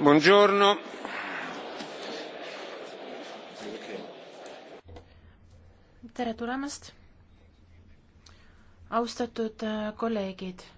Buongiorno. tere tulemast, austatud äh, kolleegid